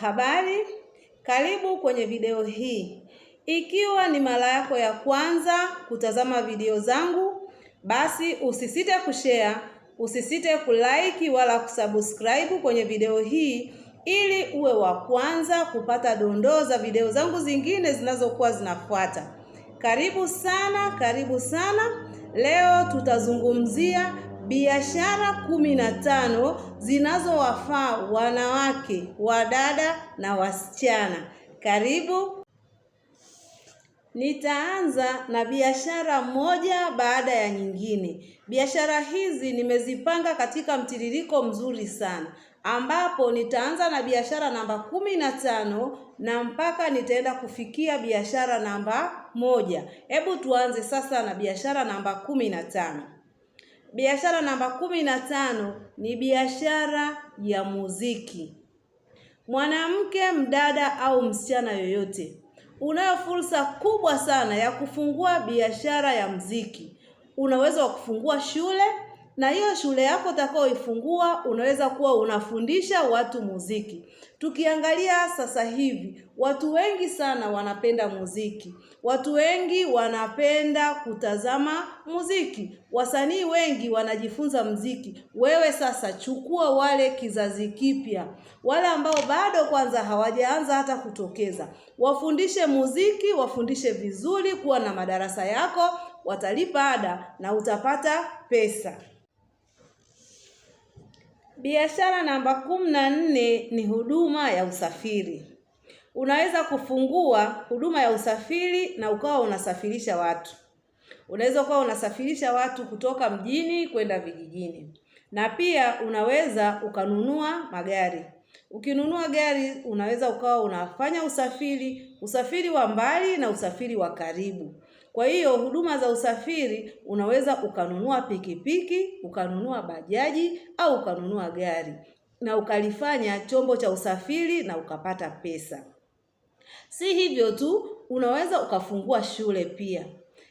Habari, karibu kwenye video hii. Ikiwa ni mara yako ya kwanza kutazama video zangu, basi usisite kushare, usisite kulike wala kusubscribe kwenye video hii ili uwe wa kwanza kupata dondoo za video zangu zingine zinazokuwa zinafuata. Karibu sana, karibu sana. Leo tutazungumzia biashara kumi na tano zinazowafaa wanawake, wadada na wasichana. Karibu. Nitaanza na biashara moja baada ya nyingine. Biashara hizi nimezipanga katika mtiririko mzuri sana ambapo nitaanza na biashara namba kumi na tano na mpaka nitaenda kufikia biashara namba moja. Hebu tuanze sasa na biashara namba kumi na tano. Biashara namba kumi na tano ni biashara ya muziki. Mwanamke, mdada au msichana yoyote, unayo fursa kubwa sana ya kufungua biashara ya muziki. Unaweza kufungua shule na hiyo shule yako utakaoifungua unaweza kuwa unafundisha watu muziki. Tukiangalia sasa hivi, watu wengi sana wanapenda muziki, watu wengi wanapenda kutazama muziki, wasanii wengi wanajifunza muziki. Wewe sasa chukua wale kizazi kipya, wale ambao bado kwanza hawajaanza hata kutokeza, wafundishe muziki, wafundishe vizuri, kuwa na madarasa yako, watalipa ada na utapata pesa. Biashara namba kumi na nne ni huduma ya usafiri. Unaweza kufungua huduma ya usafiri na ukawa unasafirisha watu. Unaweza ukawa unasafirisha watu kutoka mjini kwenda vijijini, na pia unaweza ukanunua magari. Ukinunua gari, unaweza ukawa unafanya usafiri, usafiri wa mbali na usafiri wa karibu. Kwa hiyo huduma za usafiri unaweza ukanunua pikipiki, ukanunua bajaji au ukanunua gari na ukalifanya chombo cha usafiri na ukapata pesa. Si hivyo tu, unaweza ukafungua shule pia.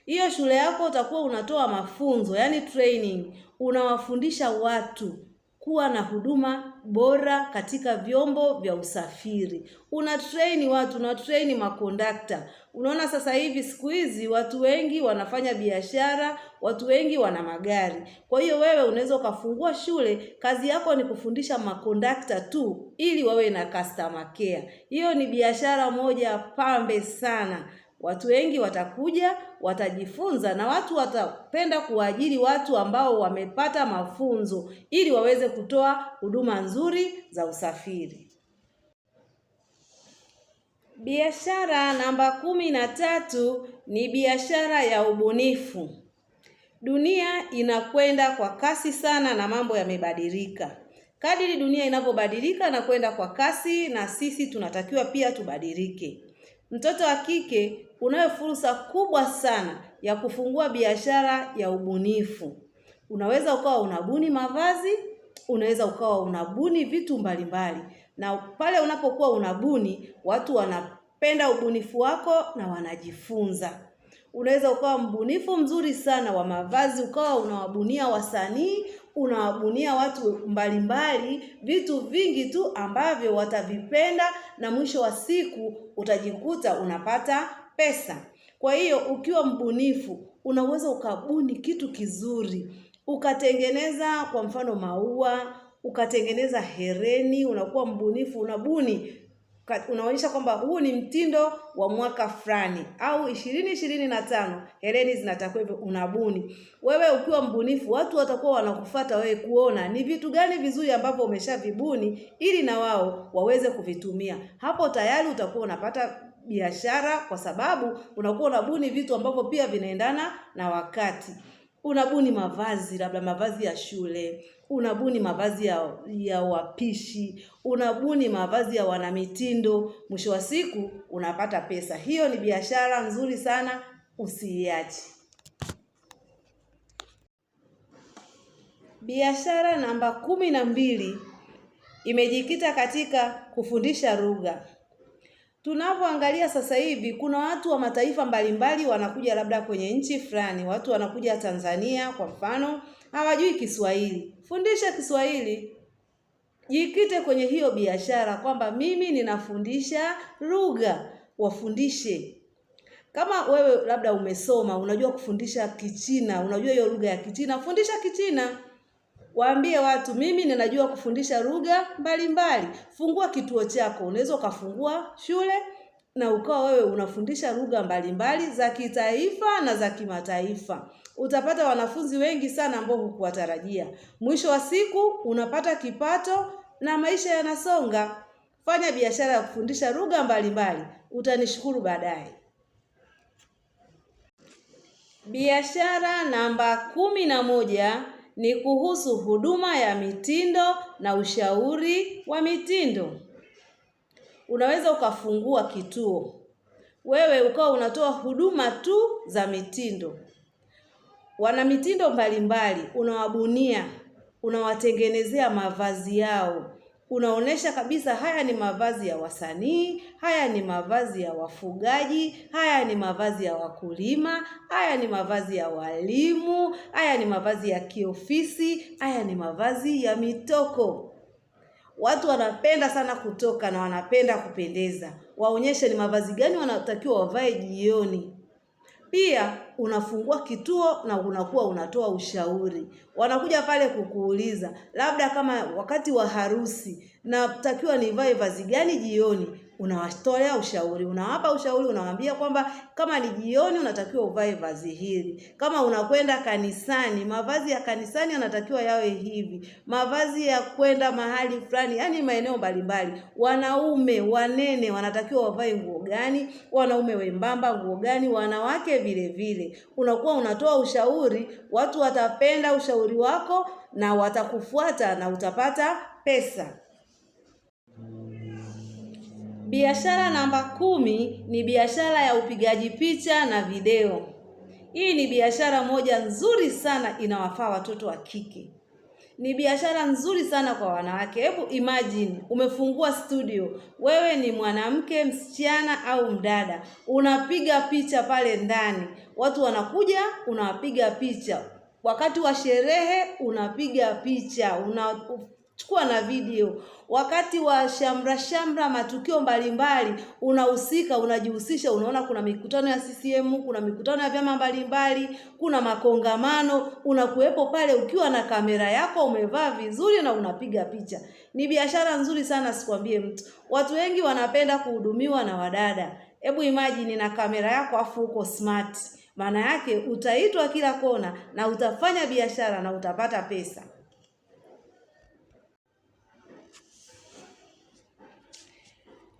Hiyo shule yako utakuwa unatoa mafunzo, yani training, unawafundisha watu kuwa na huduma bora katika vyombo vya usafiri. Una train watu, una train makondakta. Unaona sasa hivi siku hizi watu wengi wanafanya biashara, watu wengi wana magari. Kwa hiyo wewe unaweza ukafungua shule, kazi yako ni kufundisha makondakta tu ili wawe na customer care. Hiyo ni biashara moja pambe sana. Watu wengi watakuja, watajifunza na watu watapenda kuajiri watu ambao wamepata mafunzo ili waweze kutoa huduma nzuri za usafiri. Biashara namba kumi na tatu ni biashara ya ubunifu. Dunia inakwenda kwa kasi sana na mambo yamebadilika. Kadiri dunia inavyobadilika na kwenda kwa kasi, na sisi tunatakiwa pia tubadilike. Mtoto wa kike unayo fursa kubwa sana ya kufungua biashara ya ubunifu. Unaweza ukawa unabuni mavazi, unaweza ukawa unabuni vitu mbalimbali, na pale unapokuwa unabuni, watu wanapenda ubunifu wako na wanajifunza. Unaweza ukawa mbunifu mzuri sana wa mavazi, ukawa unawabunia wasanii unawabunia watu mbalimbali vitu vingi tu ambavyo watavipenda, na mwisho wa siku utajikuta unapata pesa. Kwa hiyo ukiwa mbunifu, unaweza ukabuni kitu kizuri, ukatengeneza kwa mfano maua, ukatengeneza hereni. Unakuwa mbunifu, unabuni unaonyesha kwamba huu ni mtindo wa mwaka fulani au ishirini ishirini na tano hereni zinatakiwa hivyo unabuni wewe ukiwa mbunifu watu watakuwa wanakufata wewe kuona ni vitu gani vizuri ambavyo umeshavibuni ili na wao waweze kuvitumia hapo tayari utakuwa unapata biashara kwa sababu unakuwa unabuni vitu ambavyo pia vinaendana na wakati unabuni mavazi, labda mavazi ya shule, unabuni mavazi ya, ya wapishi, unabuni mavazi ya wanamitindo. Mwisho wa siku unapata pesa. Hiyo ni biashara nzuri sana, usiiache. Biashara namba kumi na mbili imejikita katika kufundisha lugha. Tunapoangalia sasa hivi kuna watu wa mataifa mbalimbali wanakuja labda kwenye nchi fulani, watu wanakuja Tanzania kwa mfano, hawajui Kiswahili. Fundisha Kiswahili, jikite kwenye hiyo biashara kwamba mimi ninafundisha lugha, wafundishe kama wewe labda umesoma unajua kufundisha Kichina, unajua hiyo lugha ya Kichina, fundisha Kichina. Waambie watu mimi ninajua kufundisha lugha mbalimbali. Fungua kituo chako. Unaweza ukafungua shule na ukawa wewe unafundisha lugha mbalimbali za kitaifa na za kimataifa. Utapata wanafunzi wengi sana ambao hukuwatarajia. Mwisho wa siku unapata kipato na maisha yanasonga. Fanya biashara ya kufundisha lugha mbalimbali, utanishukuru baadaye. Biashara namba kumi na moja ni kuhusu huduma ya mitindo na ushauri wa mitindo. Unaweza ukafungua kituo wewe ukawa unatoa huduma tu za mitindo. Wana mitindo mbalimbali unawabunia, unawatengenezea mavazi yao, unaonesha kabisa haya ni mavazi ya wasanii, haya ni mavazi ya wafugaji, haya ni mavazi ya wakulima, haya ni mavazi ya walimu, haya ni mavazi ya kiofisi, haya ni mavazi ya mitoko. Watu wanapenda sana kutoka na wanapenda kupendeza. Waonyeshe ni mavazi gani wanatakiwa wavae jioni. Pia unafungua kituo na unakuwa unatoa ushauri. Wanakuja pale kukuuliza, labda kama wakati wa harusi natakiwa nivae vazi gani jioni unawatolea ushauri, unawapa ushauri, unawaambia kwamba kama ni jioni unatakiwa uvae vazi hili, kama unakwenda kanisani, mavazi ya kanisani yanatakiwa yawe hivi, mavazi ya kwenda mahali fulani, yaani maeneo mbalimbali. Wanaume wanene wanatakiwa wavae nguo gani? Wanaume wembamba nguo gani? Wanawake vile vile. Unakuwa unatoa ushauri, watu watapenda ushauri wako na watakufuata na utapata pesa. Biashara namba kumi ni biashara ya upigaji picha na video. Hii ni biashara moja nzuri sana, inawafaa watoto wa kike. Ni biashara nzuri sana kwa wanawake. Hebu imagine umefungua studio, wewe ni mwanamke, msichana au mdada, unapiga picha pale ndani, watu wanakuja, unawapiga picha wakati wa sherehe unapiga picha, una chukua na video. Wakati wa shamra shamra, matukio mbalimbali, unahusika, unajihusisha, unaona kuna mikutano ya CCM, kuna mikutano ya vyama mbalimbali, kuna makongamano, unakuwepo pale ukiwa na kamera yako, umevaa vizuri na unapiga picha. Ni biashara nzuri sana, sikwambie mtu. Watu wengi wanapenda kuhudumiwa na wadada. Hebu imagine na kamera yako afu uko smart, maana yake utaitwa kila kona na utafanya biashara na utapata pesa.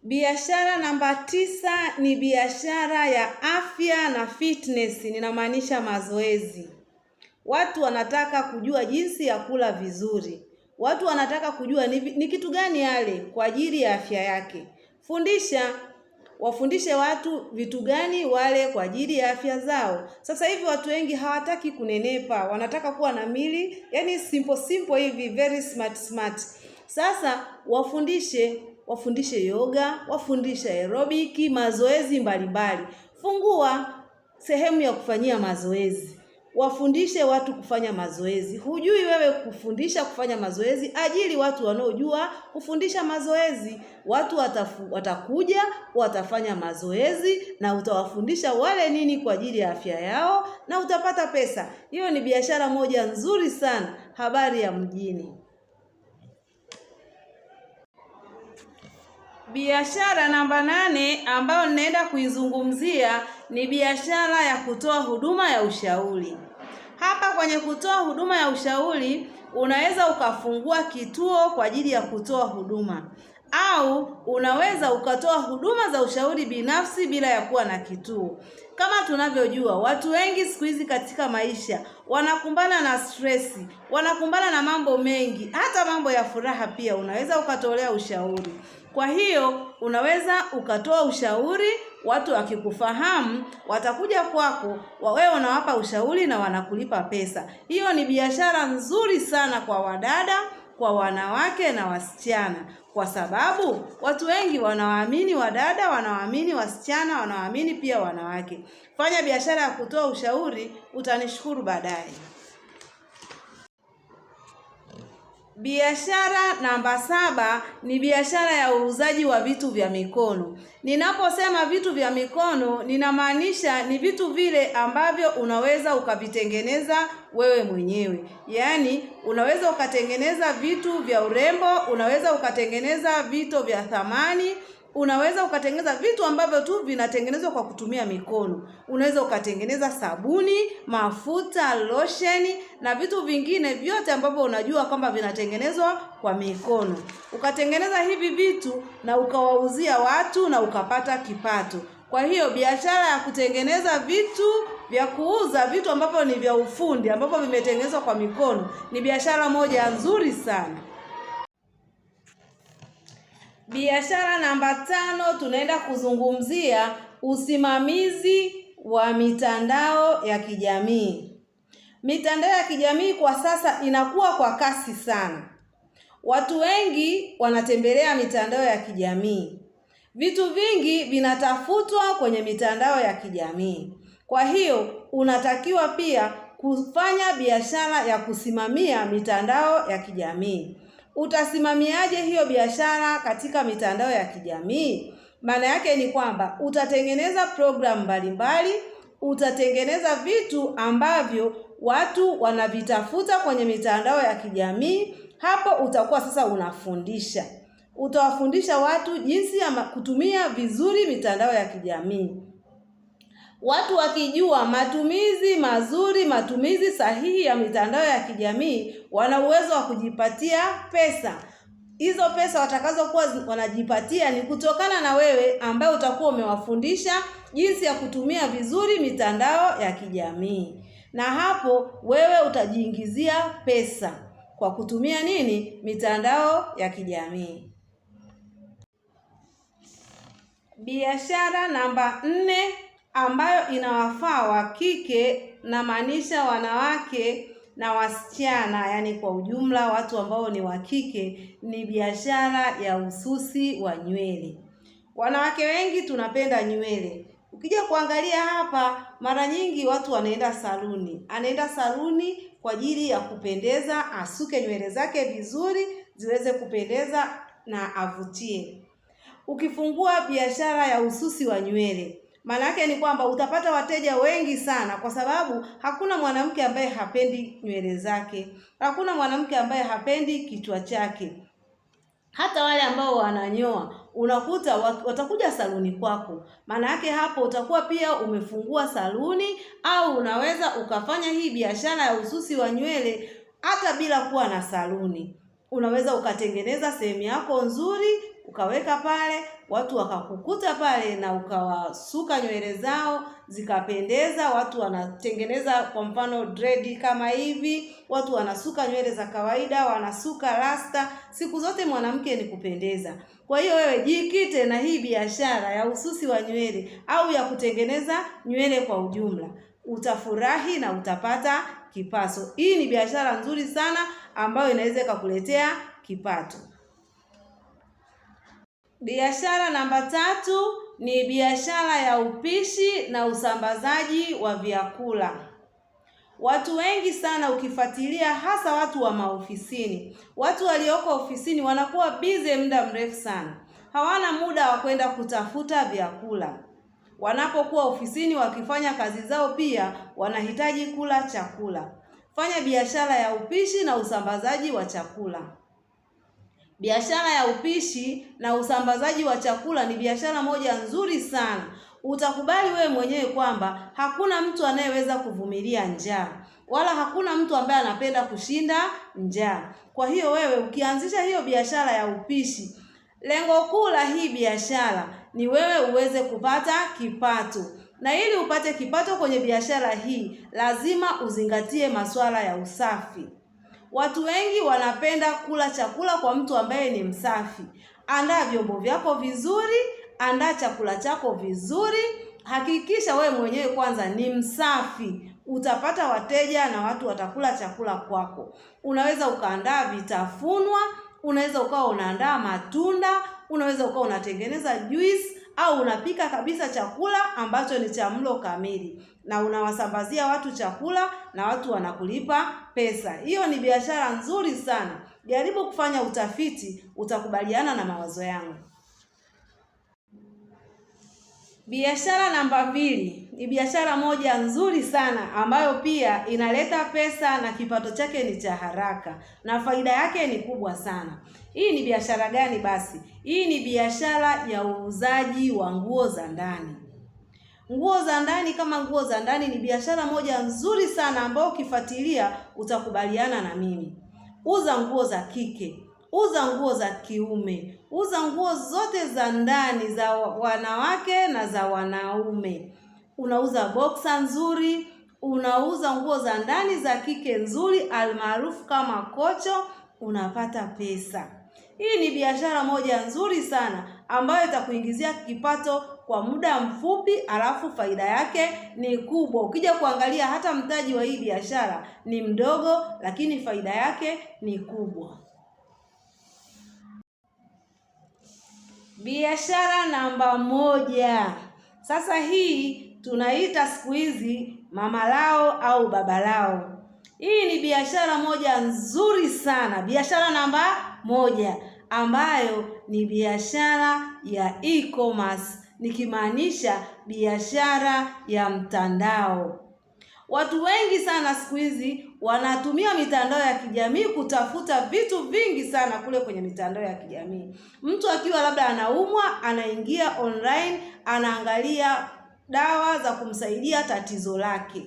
Biashara namba tisa ni biashara ya afya na fitness, ninamaanisha mazoezi. Watu wanataka kujua jinsi ya kula vizuri, watu wanataka kujua ni, ni kitu gani yale kwa ajili ya afya yake. Fundisha, wafundishe watu vitu gani wale kwa ajili ya afya zao. Sasa hivi watu wengi hawataki kunenepa, wanataka kuwa na mili, yani simple simple hivi, very smart smart. Sasa wafundishe wafundishe yoga, wafundishe aerobiki, mazoezi mbalimbali. Fungua sehemu ya kufanyia mazoezi, wafundishe watu kufanya mazoezi. Hujui wewe kufundisha kufanya mazoezi, ajili watu wanaojua kufundisha mazoezi. Watu watafu, watakuja watafanya mazoezi na utawafundisha wale nini kwa ajili ya afya yao, na utapata pesa. Hiyo ni biashara moja nzuri sana. Habari ya mjini. Biashara namba nane ambayo ninaenda kuizungumzia ni biashara ya kutoa huduma ya ushauri. Hapa kwenye kutoa huduma ya ushauri, unaweza ukafungua kituo kwa ajili ya kutoa huduma au unaweza ukatoa huduma za ushauri binafsi bila ya kuwa na kituo. Kama tunavyojua, watu wengi siku hizi katika maisha wanakumbana na stresi, wanakumbana na mambo mengi, hata mambo ya furaha pia unaweza ukatolea ushauri. Kwa hiyo unaweza ukatoa ushauri, watu wakikufahamu watakuja kwako, wewe unawapa ushauri na wanakulipa pesa. Hiyo ni biashara nzuri sana kwa wadada, kwa wanawake na wasichana, kwa sababu watu wengi wanawaamini wadada, wanawaamini wasichana, wanawaamini pia wanawake. Fanya biashara ya kutoa ushauri, utanishukuru baadaye. Biashara namba saba ni biashara ya uuzaji wa vitu vya mikono. Ninaposema vitu vya mikono, ninamaanisha ni vitu vile ambavyo unaweza ukavitengeneza wewe mwenyewe, yaani unaweza ukatengeneza vitu vya urembo, unaweza ukatengeneza vito vya thamani unaweza ukatengeneza vitu ambavyo tu vinatengenezwa kwa kutumia mikono. Unaweza ukatengeneza sabuni, mafuta, losheni na vitu vingine vyote ambavyo unajua kwamba vinatengenezwa kwa mikono, ukatengeneza hivi vitu na ukawauzia watu na ukapata kipato. Kwa hiyo biashara ya kutengeneza vitu vya kuuza vitu ambavyo ni vya ufundi ambavyo vimetengenezwa kwa mikono ni biashara moja nzuri sana. Biashara namba tano, tunaenda kuzungumzia usimamizi wa mitandao ya kijamii. Mitandao ya kijamii kwa sasa inakuwa kwa kasi sana, watu wengi wanatembelea mitandao ya kijamii, vitu vingi vinatafutwa kwenye mitandao ya kijamii. Kwa hiyo unatakiwa pia kufanya biashara ya kusimamia mitandao ya kijamii utasimamiaje hiyo biashara katika mitandao ya kijamii? Maana yake ni kwamba utatengeneza programu mbalimbali, utatengeneza vitu ambavyo watu wanavitafuta kwenye mitandao ya kijamii. Hapo utakuwa sasa unafundisha, utawafundisha watu jinsi ya kutumia vizuri mitandao ya kijamii. Watu wakijua matumizi mazuri, matumizi sahihi ya mitandao ya kijamii, wana uwezo wa kujipatia pesa. Hizo pesa watakazokuwa wanajipatia ni kutokana na wewe ambaye utakuwa umewafundisha jinsi ya kutumia vizuri mitandao ya kijamii, na hapo wewe utajiingizia pesa kwa kutumia nini? Mitandao ya kijamii. Biashara namba nne ambayo inawafaa wakike, namaanisha wanawake na wasichana, yaani kwa ujumla watu ambao ni wa kike ni biashara ya ususi wa nywele. Wanawake wengi tunapenda nywele. Ukija kuangalia hapa, mara nyingi watu wanaenda saluni, anaenda saluni kwa ajili ya kupendeza, asuke nywele zake vizuri ziweze kupendeza na avutie. Ukifungua biashara ya ususi wa nywele maana yake ni kwamba utapata wateja wengi sana, kwa sababu hakuna mwanamke ambaye hapendi nywele zake, hakuna mwanamke ambaye hapendi kichwa chake. Hata wale ambao wananyoa unakuta watakuja saluni kwako. Maana yake hapo utakuwa pia umefungua saluni, au unaweza ukafanya hii biashara ya ususi wa nywele hata bila kuwa na saluni. Unaweza ukatengeneza sehemu yako nzuri ukaweka pale, watu wakakukuta pale na ukawasuka nywele zao zikapendeza. Watu wanatengeneza kwa mfano dread kama hivi, watu wanasuka nywele za kawaida, wanasuka rasta. Siku zote mwanamke ni kupendeza. Kwa hiyo wewe jikite na hii biashara ya ususi wa nywele au ya kutengeneza nywele kwa ujumla, utafurahi na utapata kipato. Hii ni biashara nzuri sana ambayo inaweza ikakuletea kipato. Biashara namba tatu ni biashara ya upishi na usambazaji wa vyakula. Watu wengi sana ukifuatilia, hasa watu wa maofisini, watu walioko ofisini wanakuwa bize muda mrefu sana, hawana muda wa kwenda kutafuta vyakula. Wanapokuwa ofisini wakifanya kazi zao, pia wanahitaji kula chakula. Fanya biashara ya upishi na usambazaji wa chakula. Biashara ya upishi na usambazaji wa chakula ni biashara moja nzuri sana. Utakubali wewe mwenyewe kwamba hakuna mtu anayeweza kuvumilia njaa, wala hakuna mtu ambaye anapenda kushinda njaa. Kwa hiyo wewe ukianzisha hiyo biashara ya upishi, lengo kuu la hii biashara ni wewe uweze kupata kipato, na ili upate kipato kwenye biashara hii lazima uzingatie masuala ya usafi. Watu wengi wanapenda kula chakula kwa mtu ambaye ni msafi. Andaa vyombo vyako vizuri, andaa chakula chako vizuri, hakikisha wewe mwenyewe kwanza ni msafi. Utapata wateja na watu watakula chakula kwako. Unaweza ukaandaa vitafunwa, unaweza ukawa unaandaa matunda, unaweza ukawa unatengeneza juisi au unapika kabisa chakula ambacho ni cha mlo kamili na unawasambazia watu chakula na watu wanakulipa pesa. Hiyo ni biashara nzuri sana. Jaribu kufanya utafiti, utakubaliana na mawazo yangu. Biashara namba mbili ni biashara moja nzuri sana ambayo pia inaleta pesa na kipato chake ni cha haraka na faida yake ni kubwa sana. Hii ni biashara gani basi? Hii ni biashara ya uuzaji wa nguo za ndani. Nguo za ndani kama nguo za ndani ni biashara moja nzuri sana ambayo ukifuatilia utakubaliana na mimi. Uza nguo za kike, uza nguo za kiume, uza nguo zote za ndani za wanawake na za wanaume. Unauza boksa nzuri, unauza nguo za ndani za kike nzuri almaarufu kama kocho, unapata pesa. Hii ni biashara moja nzuri sana ambayo itakuingizia kipato kwa muda mfupi, alafu faida yake ni kubwa. Ukija kuangalia hata mtaji wa hii biashara ni mdogo, lakini faida yake ni kubwa. Biashara namba moja. Sasa hii tunaita siku hizi mama lao au baba lao. Hii ni biashara moja nzuri sana, biashara namba moja ambayo ni biashara ya e-commerce, nikimaanisha biashara ya mtandao. Watu wengi sana siku hizi wanatumia mitandao ya kijamii kutafuta vitu vingi sana kule kwenye mitandao ya kijamii. Mtu akiwa labda anaumwa, anaingia online, anaangalia dawa za kumsaidia tatizo lake.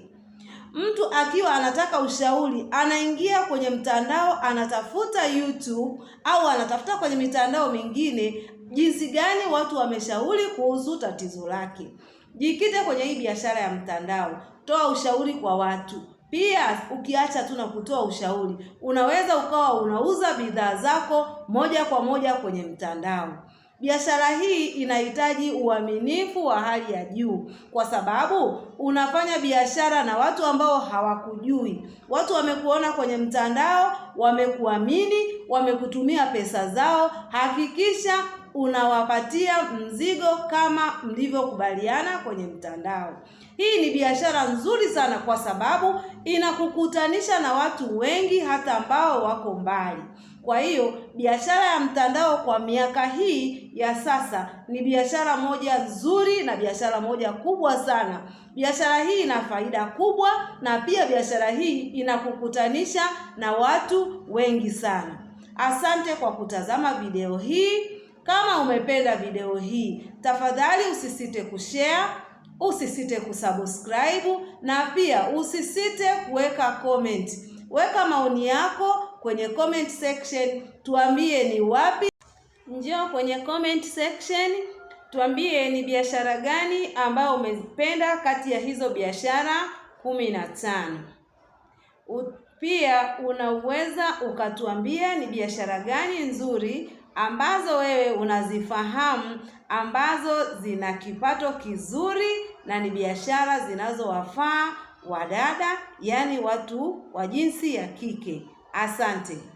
Mtu akiwa anataka ushauri, anaingia kwenye mtandao, anatafuta YouTube au anatafuta kwenye mitandao mingine, jinsi gani watu wameshauri kuhusu tatizo lake. Jikite kwenye hii biashara ya mtandao, toa ushauri kwa watu. Pia ukiacha tu na kutoa ushauri, unaweza ukawa unauza bidhaa zako moja kwa moja kwenye mtandao. Biashara hii inahitaji uaminifu wa hali ya juu, kwa sababu unafanya biashara na watu ambao hawakujui. Watu wamekuona kwenye mtandao, wamekuamini, wamekutumia pesa zao. Hakikisha unawapatia mzigo kama mlivyokubaliana kwenye mtandao. Hii ni biashara nzuri sana, kwa sababu inakukutanisha na watu wengi, hata ambao wako mbali. Kwa hiyo biashara ya mtandao kwa miaka hii ya sasa ni biashara moja nzuri na biashara moja kubwa sana. Biashara hii ina faida kubwa, na pia biashara hii inakukutanisha na watu wengi sana. Asante kwa kutazama video hii. Kama umependa video hii, tafadhali usisite kushare, usisite kusubscribe na pia usisite kuweka comment. Weka maoni yako kwenye comment section, tuambie ni wapi. Njoo kwenye comment section tuambie ni biashara gani ambayo umezipenda kati ya hizo biashara kumi na tano. Pia unaweza ukatuambia ni biashara gani nzuri ambazo wewe unazifahamu ambazo zina kipato kizuri na ni biashara zinazowafaa wadada, yaani watu wa jinsi ya kike. Asante.